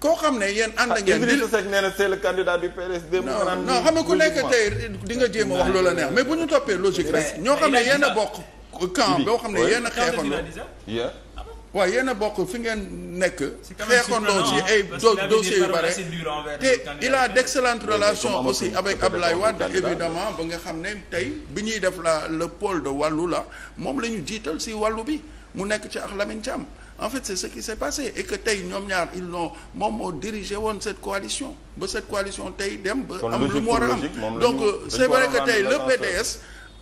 koo xam ne yéen ànd ngeen. ah Idrissa na c'est le candidat du PDS. non non xam nga ku nekk tey di nga jéem a wax loola neex mais bu ñu toppee logique rek. ñoo xam ne yéen a bokk. camp boo xam ne yéen a xeexoon la. Ah waaw yéen a bokk fi ngeen nekk xeexandoo ci ay dossiers yu bare te il a d'excellentes relations aussi avec Ablaye Wade évidemment ba nga xam ne tey bi ñuy def la le pôle wàllu la moom la ñu jiital si wàllu bi mu nekk ci ak Lamine Thiam en fait c'est ce qui s'est passé et que tey ñoom ñaar ils l'ont moom moo dirigé woon cette coalition ba cette coalition tey dem ba am lu mu war a am donc euh, c'est vrai que tey le PDS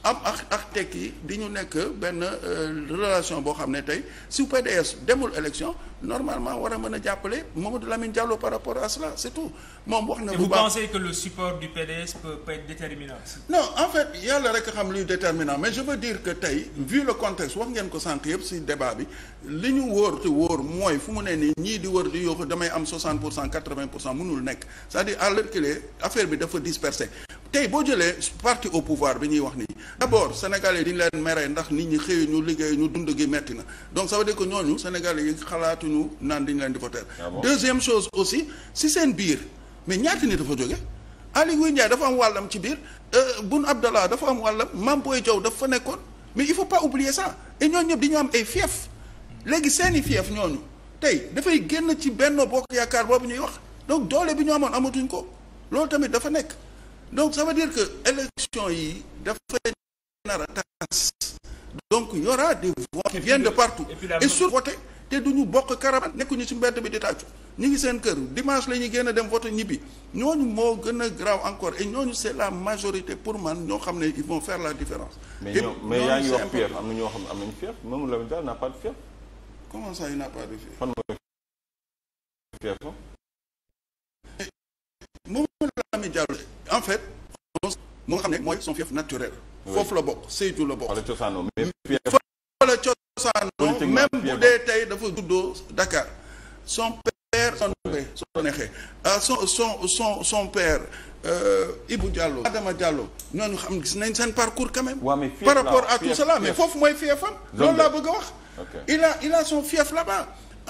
am ak ak tekki di ñu nekk benn euh, relation boo xam ne tey su PDS demul élection normalement war a mën a jàppale Mamadou Lamine Diallo par rapport a cela c'est tout moom wax na. bu baax vous pensez support du PDS peut, déterminant. non en fait yàlla rek xam luy déterminant mais je veux dire que tey vu le contexte wax ngeen ko sànq yëpp si débat bi li ñu wóor te wóor mooy fu mu ne nii ñii di wër di yooxu damay am 60 pour cent 80 pour cent mënul nekk c'est-à-dire à l'heure bi dafa dispersé tey boo jëlee parti au pouvoir bi ñuy wax nii d'abord sénégalais diñu leen meree ndax nit ñi xëyu ñu liggéey ñu dund gi metti na donc ça veut dire que ñooñu sénégalais yi xalaatuñu naan diñu leen di voter ah deuxième chose aussi si seen biir mais ñaata nit dafa jóge Aly Ngouille dafa am wàllam ci biir euh, Boun Abdallah dafa am wàllam Mame Boye Diao fa nekkoon mais il faut pas oublier ça et ñooñu ñëpp dañu am ay fief léegi seeni fief ñooñu tey dafay génn ci benn bok yaakaar boobu ñuy wax donc doole bi ñu amoon amatuñ ko loolu tamit dafa nekk donc ça veut dire que élection yi dafay nar a tas donc y aura des voix qui viennent de partout et sur voter te duñu bokk caravane nekkuñu ci mbedd bi di tàccu ñu ngi seen kër dimanche la ñuy génn dem vote ñibbi ñooñu moo gën a grave encore et ñooñu c'est la majorité pour man ñoo xam ne ils vont la différence. mais ñoo mais yaa ngi wax am na ñoo xam ne am nañu fief moom Lamine Tall n'a pas de fief. comment ça n'a pas de fief. fan mooy fief moom en fait moo xam ne mooy son fief naturel foofu la bokk Sédhiou la bokk foofu la cosaanoo même bu dee tey dafa juddoo Dakar son père son son neexee ah, son son son son père euh, Ibou Diallo Adama Diallo ñooñu xam gis nañ seen parcours quand même par rapport à tout cela mais foofu mooy fiefam loolu laa bëgg a wax il a il a son fief là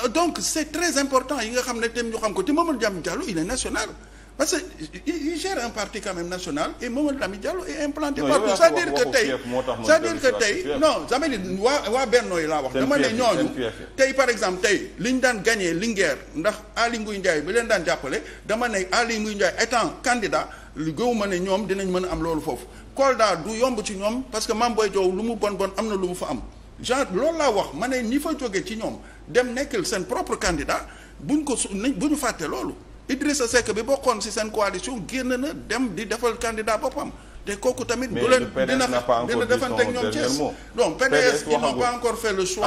euh, donc c'est très important yi nga xam ne tam ñu xam ko te Mamadou Diam Diallo il est national parce que il gère un parti quand même national et Mamadou Lamine Diallo est implanté partout c'est-à-dire que tey c'est-à-dire que waa waa Benno yi laa wax dama ne ñooñu tey par exemple tey li ñu daan gagné Linguère ndax Aly Ngouille Ndiaye bi leen daan jàppale dama ne Aly Ngouille Ndiaye étant candidat lu gëwuma ne ñoom dinañ mën a am loolu foofu Kolda du yomb ci ñoom parce que Mame Boye Diao lu mu bon bon am na lu mu fa am genre loolu laa wax ma ne ñi fa jóge ci ñoom dem nekkal seen propre candidat buñ ko nañ bu ñu fàtte loolu Idrissa Seck bi bokkoon ci seen coalition génn na dem di defal candidat boppam te kooku tamit. dina dina defanteeg ñoom Thiès donc PDS ils n'ont pas encore fait le choix.